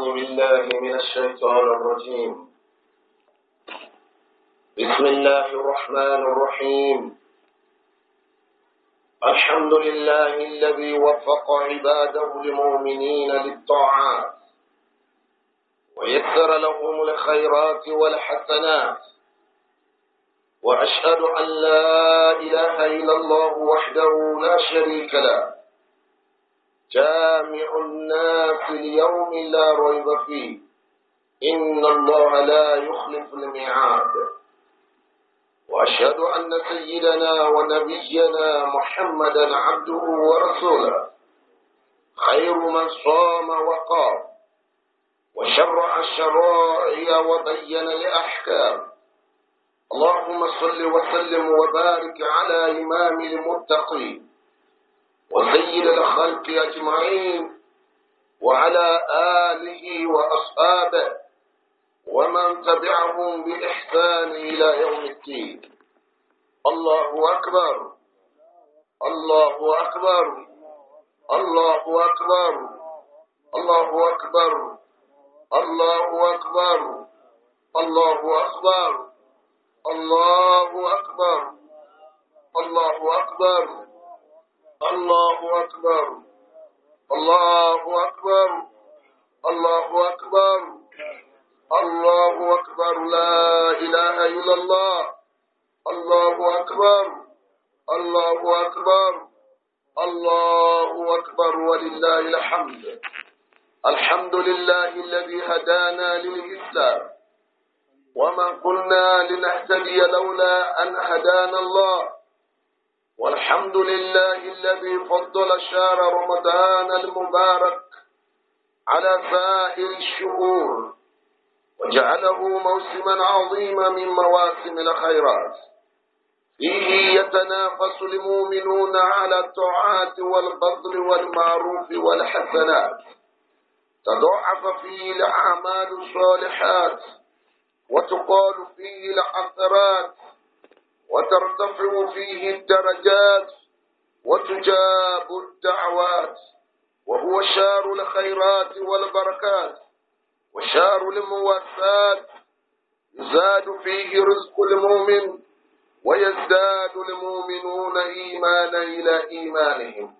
أعوذ بالله من الشيطان الرجيم بسم الله الرحمن الرحيم الحمد لله الذي وفق عباده المؤمنين للطاعات ويسر لهم الخيرات والحسنات وأشهد أن لا إله إلا الله وحده لا شريك له جامع الناس اليوم لا ريب فيه إن الله لا يخلف الميعاد وأشهد أن سيدنا ونبينا محمدا عبده ورسوله خير من صام وقام وشرع الشرائع وبين الأحكام اللهم صل وسلم وبارك على إمام المتقين وسيد الخلق أجمعين وعلى آله وأصحابه ومن تبعهم بإحسان إلى يوم الدين الله أكبر الله أكبر الله أكبر الله أكبر الله أكبر الله أكبر الله أكبر الله أكبر الله أكبر الله أكبر الله أكبر الله أكبر لا إله إلا الله الله أكبر الله أكبر الله أكبر ولله الحمد الحمد لله الذي هدانا للإسلام وما قلنا لنهتدي لولا أن هدانا الله والحمد لله الذي فضل شهر رمضان المبارك على سائر الشهور وجعله موسما عظيما من مواسم الخيرات فيه يتنافس المؤمنون على الطاعات والفضل والمعروف والحسنات تضاعف فيه الأعمال الصالحات وتقال فيه العثرات وترتفع فيه الدرجات وتجاب الدعوات وهو شار الخيرات والبركات وشار المواساة يزاد فيه رزق المؤمن ويزداد المؤمنون إيمانا إلى إيمانهم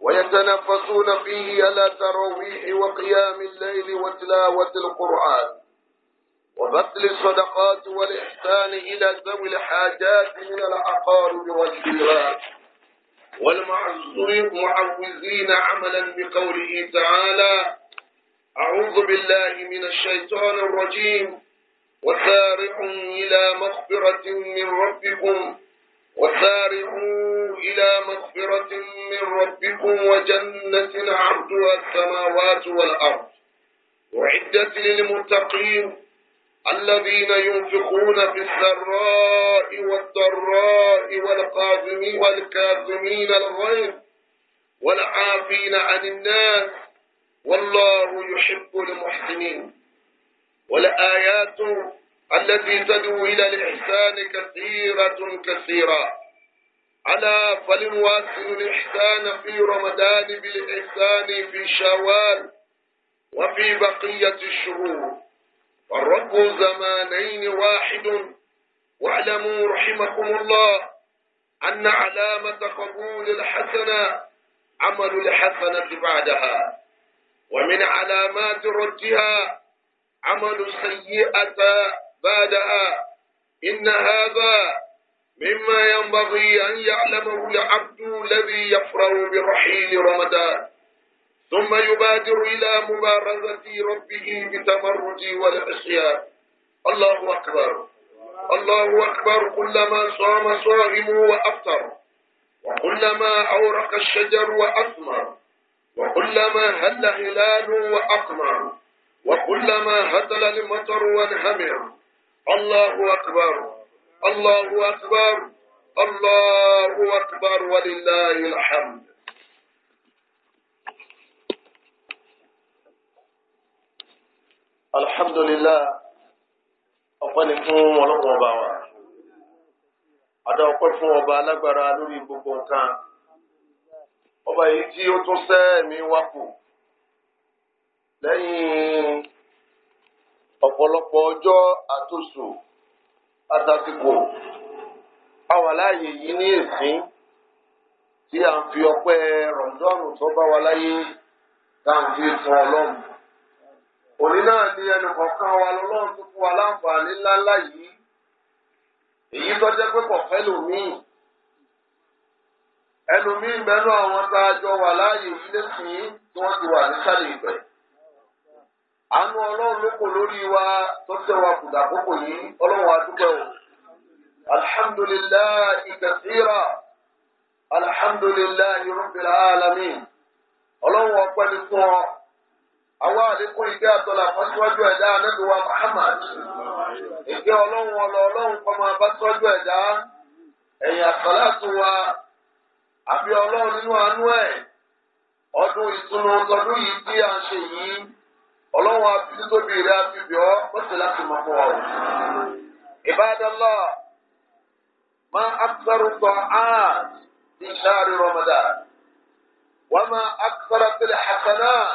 ويتنفسون فيه على تراويح وقيام الليل وتلاوة القرآن وبطل الصدقات والإحسان إلى ذوي الحاجات من الأقارب والجيران معوزين عملا بقوله تعالى أعوذ بالله من الشيطان الرجيم وسارعوا إلى مغفرة من ربكم وسارعوا إلى مغفرة من ربكم وجنة عرضها السماوات والأرض أعدت للمتقين الذين ينفقون في السراء والضراء والكاظمين الغيظ والعافين عن الناس والله يحب المحسنين والآيات التي تدعو إلى الإحسان كثيرة كثيرة على فلنواصل الإحسان في رمضان بالإحسان في شوال وفي بقية الشهور فالرب زمانين واحد واعلموا رحمكم الله أن علامة قبول الحسنة عمل الحسنة بعدها ومن علامات ردها عمل السيئة بعدها إن هذا مما ينبغي أن يعلمه العبد الذي يفرغ برحيل رمضان ثم يبادر إلى مبارزة ربه بالتمرد والعصيان الله أكبر الله أكبر كلما صام صائم وأفطر وكلما أورق الشجر وأثمر وكلما هل هلال وأقمر وكلما هدل المطر وانهمر الله أكبر الله أكبر الله أكبر ولله الحمد alhamdulillah ọpẹ́ ni fún ọlọ́pàá ọba wa adá ọpẹ́ fún ọba alágbára lórí gbogbo nǹkan ọba yìí tí ó tún sẹ́ ẹ̀mí wá kù lẹ́yìn ọ̀pọ̀lọpọ̀ ọjọ́ àtòsù àtàsìkò àwọn aláàyè yìí ní ìsín tí a ń fi ọpẹ́ rọ̀ǹdọ́ọ̀nù tó bá wa láyé tá à ń fi tún ọlọ́run. òní náà ni ẹnìkọ̀ọ̀kan wa lọ́lọ́run tó fún wa láǹfààní ńláńlá yìí èyí tó jẹ́ pé kọ̀ọ̀fẹ́ lòmíì ẹlòmíì mẹ́nu àwọn tá a jọ wà láàyè yìí lẹ́sìn tí wọ́n ti wà nísàlẹ̀ ìgbẹ́. àánú ọlọ́run ló kò lórí wa tó tẹ́ wa kùdà àkókò yìí ọlọ́run àdúgbò alamin ọlọ́run ọpẹ́ àwa àlékún ìgbé àtọ́lá fọ́síwájú ẹ̀dá anábìwá Muhammad ìgbé ọlọ́run ọlọ ọlọ́run kọ́ máa ẹ̀dá ẹ̀yìn àtọ́láàtún wa àbí ọlọ́run nínú àánú ẹ̀ ọdún ìtúnu ọdún yìí tí a ń ṣe yìí ọlọ́run àfitóbi rẹ̀ àfibìọ́ mọ́tò láti mọ̀ fún ọ. ìbádọ́lá máa áàt wọ́n máa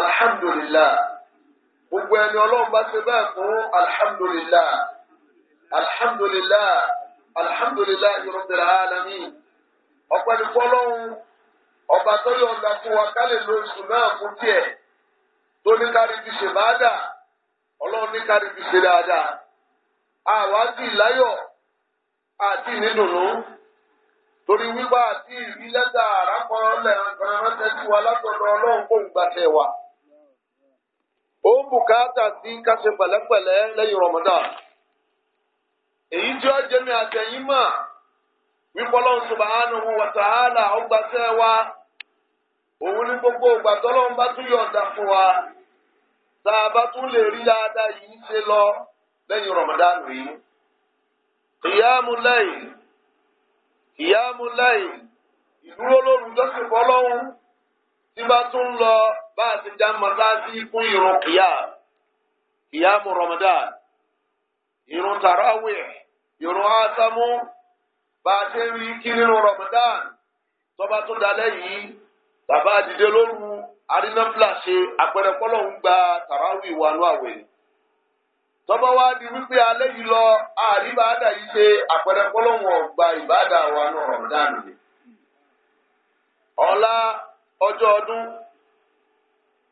alhamdulillah gbogbo ẹni ọlọ́run bá ṣe bẹ́ẹ̀ fún alhamdulillah alhamdulillah alhamdulillah rabbil alamin ọpẹ́ ní fọlọ́run ọba tó yọ̀ǹda fún wa kálẹ̀ lóṣù náà fún tiẹ̀ tó ní kárí fi ṣe máa dà ọlọ́run ní kárí fi ṣe dáadáa àwa ti láyọ̀ àti nídùnnú torí wípé àti ìrí lẹ́tà àràkọ́ lẹ́ẹ̀kan ránṣẹ́ wa látọ̀dọ̀ ọlọ́run kò ń wa. ó ń bùkátà sí káṣe pẹ̀lẹ́pẹ̀lẹ́ lẹ́yìn Ramadan èyí tí ó jẹ́mi àtẹ̀yìn mà wípé Ọlọ́run subhanahu wa ta'ala ó wa òun ní gbogbo ìgbà bá tún yọ̀ǹda fún wa tá a bá tún lọ Ramadan Ìyáàmú ìyáàmú ìdúró tí bá a ti dá mọ́sáàsì fún irun kìyà kìyà mu Ramadan irun tarawih irun asamu bá a ti rí kí nínú Ramadan tọ́ba tó dalẹ̀ yìí bàbá àdìdé lóru arinafla ṣe àpẹẹrẹ kọ́lọ̀ ń gba tarawih wà ní àwẹ̀ tọ́ba wa di wípé alẹ́ yìí lọ àríbáàdà yìí ṣe àpẹẹrẹ kọ́lọ̀ wọn gba ìbáàdà wà ní Ramadan nìyẹn ọ̀la ọjọ́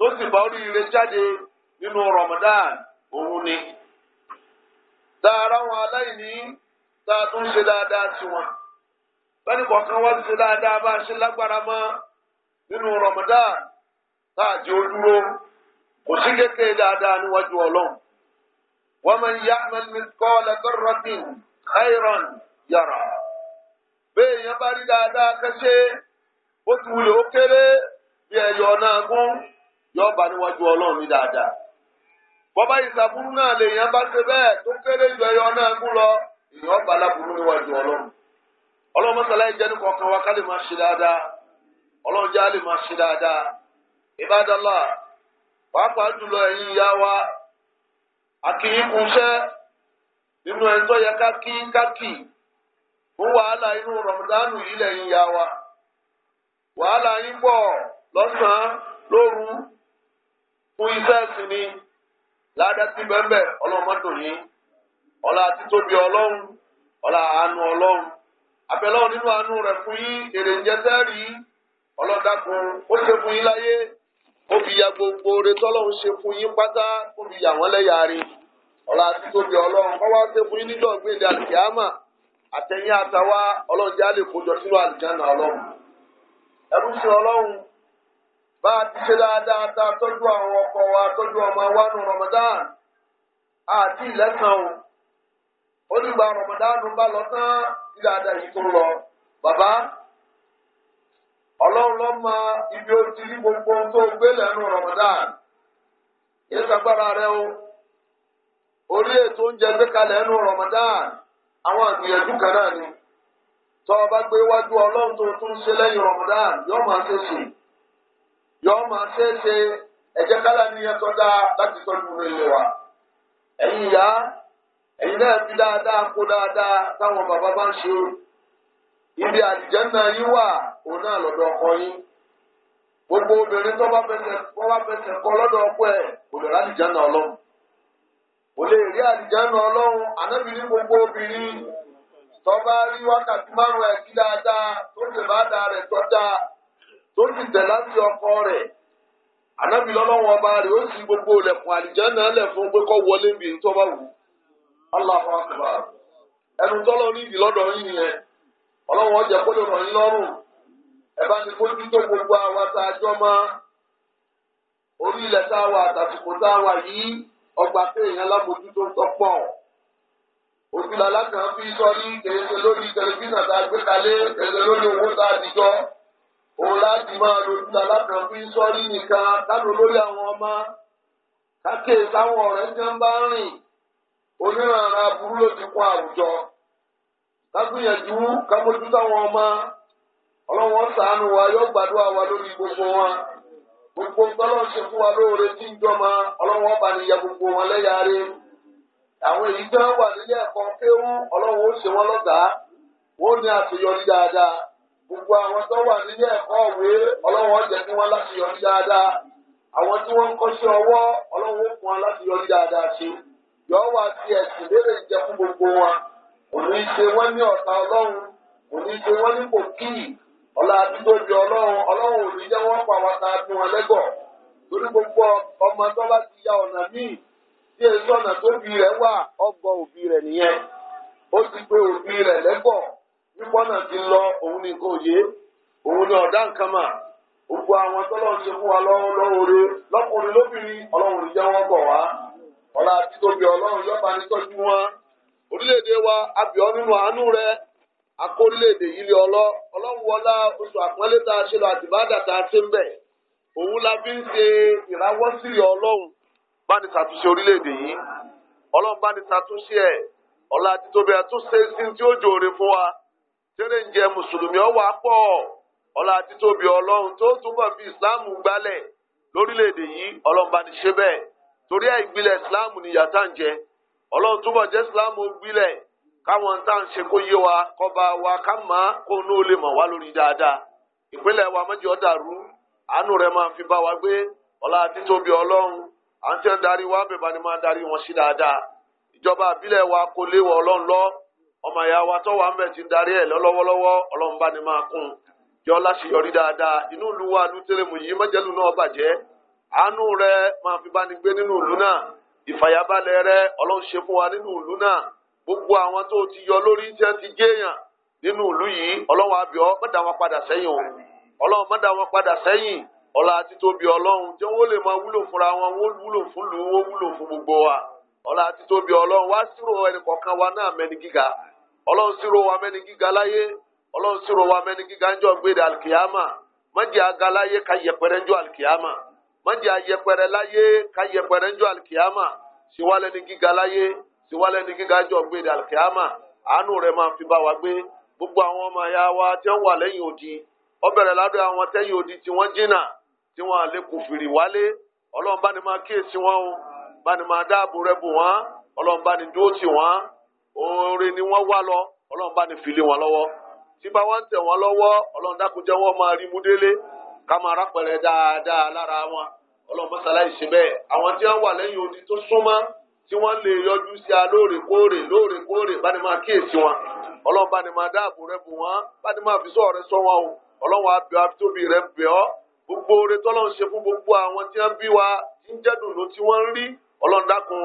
tó sì bá oríire jáde nínú Ramadan òun ni tá a ráwọn aláìní tá a tún ṣe dáadáa sí wọn bẹ́ẹ̀ni kọ̀ọ̀kan wá ṣe dáadáa bá a ṣe lágbára mọ́ nínú Ramadan tá a kò sí kékeré dáadáa níwájú Ọlọ́run wa man ya'mal mithqala dharratin khayran yara bẹ́ẹ̀ yẹn bá rí dáadáa kẹ́sẹ́ bó ti wulẹ̀ ó kéré bí ẹ̀yọ̀ náà gún. yóò bá níwájú ọlọ́run bọba dáadáa. bọ́bá ìsàbúrú náà lèèyàn bá ṣe bẹ́ẹ̀ tó kéré ju ẹyọ náà kú lọ èèyàn bá láburú níwájú ọlọ́run. ọlọ́run mọ́sálá yìí jẹ́nu kọ̀ọ̀kan wa ká lè máa ṣe dáadáa ọlọ́run já lè máa ṣe dáadáa. ìbádọ́lá wa àkìyíkun iṣẹ́ nínú ẹni tó fún iṣẹ́ sí ni ládàtí bẹ́ẹ̀ ọlọ́mọdún yìí ọlá títóbi ọlọ́run ọlá àánú ọlọ́run abẹ́lọ́run nínú àánú rẹ̀ fún yín èrè ń jẹ́sẹ́ rí ọlọ́dàkùn ó ṣe fún yín láyé ó fi ya gbogbo oore tọ́lọ́run ṣe fún yín pátá ó fi yà wọ́n lẹ́yà rí ọlá títóbi ọlọ́run kọ́ wá ṣe fún yín àtẹ̀yìn àtàwá ọlọ́run jẹ́ àlè kójọ sínú àlùjáná ọlọ́run sí ọlọ́run bá a ti ṣe dáadáa tá tọ́jú àwọn ọkọ wa tọ́jú ọmọ wa nù Ramadan àti ìlẹ́sàn o ó ní gba Ramadan bá lọ tán dáadáa lọ bàbá ọlọ́run ló ibi ó ti gbogbo ohun tó gbé lẹ́nu Ramadan yìí sàgbára rẹ o orí ètò oúnjẹ gbé kalẹ̀ ẹnu àwọn àgbìyànjú kan náà ni tọ́ ọ bá gbé wájú ọlọ́run yọọ ma ṣe é ṣe ẹjẹ kálá níyẹn tó ilé wa ẹ̀yin náà fi dáadáa kó dáadáa táwọn bàbá bá ń ṣe ibi àlìjẹ́nà yín wà òun náà lọ́dọ̀ ọkọ yín gbogbo obìnrin tó bá kọ ọkọ kò lè kò lè rí gbogbo obìnrin rí wákàtí márùn dáadáa tó tó sì tẹ̀ re ọkọ rẹ̀ ànábì lọ́lọ́wọ́n ọba rẹ̀ ó sì gbogbo ilẹ̀kùn àlìjánà lẹ̀ fún pé kọ́ wọlé bí tó bá wù Allahu akbar ẹnu tọ́lọ́ ní ìdí lọ́dọ̀ yín yẹn ọlọ́wọ́n ọjà kó lè ràn yín gbogbo àwa tá a jọ mọ́ orí ilẹ̀ tá a wà àtàkùkù tá a wà yìí ọgbà kéèyàn lábòjútó tọ́pọ̀ òtún làlákàn fi sọ ní kèrèsè lórí tẹlifíṣàn tá a òun láti máa lo títa látàn fi sọ́rí nìkan lánàá lórí àwọn ọmọ káké táwọn ọ̀rẹ́ ń jẹun bá rìn onírànà burú ló ti kún àwùjọ lágbìyànjú kámójú táwọn ọmọ ọlọ́wọ́n ṣàánú wa yóò gbàdúrà wa lórí gbogbo wọn gbogbo tọ́lọ́ ṣe fún wa lóore tí ń ọlọ́wọ́n bá níyà gbogbo wọn àwọn èyí wà nílé ẹ̀kọ́ kéwú ọlọ́wọ́n ó ṣe lọ́gàá ní àṣeyọrí gbogbo àwọn tó wà nílé ẹ̀kọ́ òwe ọlọ́wọ́ jẹ́ kí wọ́n láti yọrí dáadáa àwọn tí wọ́n ń kọ́ṣẹ́ ọwọ́ ọlọ́wọ́ fún wọn láti yọrí dáadáa ṣe yọ wá sí ẹ̀sìn léèrè jẹ fún gbogbo wọn òní ṣe wọ́n ní ọ̀tá ọlọ́run òní ṣe wọ́n ní ọ̀la gbogbo ọmọ tó bá ti ya ọ̀nà míì tí èso ọ̀nà tóbi rẹ̀ wà òbí rẹ̀ nìyẹn ó pípọ́ náà ti lọ òun ní nǹkan òye òun ní ọ̀dá nǹkan mà gbogbo àwọn tọ́lọ́ ti fún wa lọ́wọ́re lọ́kùnrin lóbìnrin ọlọ́run ìjẹ́ wọn bọ̀ wá ọ̀la àti tóbi ọlọ́run yọba ní tọ́jú wọn orílẹ̀-èdè wa abìọ́ nínú àánú rẹ akórílẹ̀-èdè yìí lé ọlọ́ ọlọ́run wọlá oṣù àpọ́nlé tá a ṣe lọ àtìbádà tá a ṣe ń bẹ̀ òun la fi ń ṣe ìrawọ́sí ọlọ́run bá ní ṣàtúnṣe orílẹ̀-èdè yìí ọlọ́run bá ní ṣàtúnṣe ẹ̀ ọ̀la àti tóbi àtúnṣe sí ti ó jòrè fún wa. tere ń jẹ mùsùlùmí ọwọ́ apọ̀ ọlá títóbi ọlọ́run tó túbọ̀ fi islam gbálẹ̀ lórílẹ̀‐èdè yìí ọlọ́run bá ní ṣe bẹ́ẹ̀ torí ẹ̀ ìgbìlẹ̀ ni yàtá ń jẹ ọlọ́run túbọ̀ jẹ́ islam gbilẹ̀ káwọn tá à ń ṣe kó wa kọba wa ká má kó ní ó lè mọ̀ wá lórí dáadáa ìpínlẹ̀ wa dàrú àánú máa fi bá wa gbé ọlọ́run wa máa darí wọn dáadáa ìjọba àbílẹ̀ wa kò léwọ̀ ọlọ́run lọ́ọ́ ọmọ ìyá wa tọ́wọ́ àmì ti ń darí ẹ̀ lọ́wọ́lọ́wọ́ ọlọ́run bá ní máa kún jọ láṣeyọrí dáadáa inú ìlú wa ìlú tẹ́lẹ̀mù yìí mọ́jẹ́lú náà bàjẹ́ àánú rẹ máa fi bá ní gbé nínú ìlú náà ìfàyàbalẹ̀ rẹ ọlọ́run ṣe fún wa nínú ìlú náà gbogbo àwọn tó ti yọ lórí tí wọ́n ti jẹ́yàn nínú ìlú yìí ọlọ́run àbíọ́ mọ́dà wọn padà sẹ́yìn ọlọ́run mọ́dà wọn padà sẹ́yìn ọlá títóbi ọlọ́run tí wọ́n lè máa wúlò ọlọ́run sì ro wa mẹ́ni gíga láyé ọlọ́run sì ro wa mẹ́ni gíga ń jọ gbére alkiyama mọ́jì aga ka yẹpẹrẹ ń jọ si mọ́jì ayẹpẹrẹ láyé ka yẹpẹrẹ ń jọ alkiyama siwalẹ̀ ni gíga láyé siwalẹ̀ ni gíga jọ gbére alkiyama àánú máa fi bá gbé gbogbo ya wa tẹ́ wà odi ó bẹ̀rẹ̀ àwọn tẹ́yìn odi tí jìnnà tí kò fìrì wálé bá ní máa kíyèsí wọn oore ni wọ́n wá lọ ọlọ́run bá ní fìlẹ̀ wọn lọ́wọ́ tí bá wọ́n ń tẹ̀ wọ́n lọ́wọ́ ọlọ́run dákunjẹ́ wọ́n máa rí mú délé ká máa rápẹ̀rẹ̀ dáadáa lára wọn ọlọ́run mọ́sálá ìṣe bẹ́ẹ̀ àwọn tí wọ́n wà lẹ́yìn odi tó súnmọ́ tí wọ́n lè yọjú sí a lóòrèkóòrè lóòrèkóòrè bá ní máa kíyèsí wọn ọlọ́run bá ní máa dáàbò rẹ bù wọ́n bá ní máa fi sọ rẹ sọ wọn o ọlọ́run abẹ́ abitóbi rẹ bẹ̀ ọ́ gbogbo oore tọ́lọ́run ṣe fún gbogbo àwọn tí wọ́n bí wa ń jẹ́dùnú tí wọ́n ń rí ọlọ́run dákun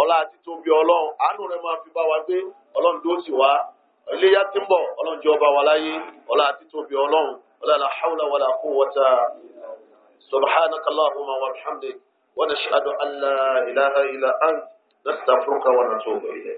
ọlá àti tóbi ọlọ́run àánú rẹ̀ máa fi bá wa gbé ọlọ́run tó sì wá iléyà tí ń bọ̀ ọlọ́run jẹ́ ọba wa láyé ọlá àti tóbi ọlọ́run ọlá la hawla wala quwwata subhanaka allahumma wa bihamdik wa nashhadu an la ilaha illa ant nastaghfiruka wa natubu ilayk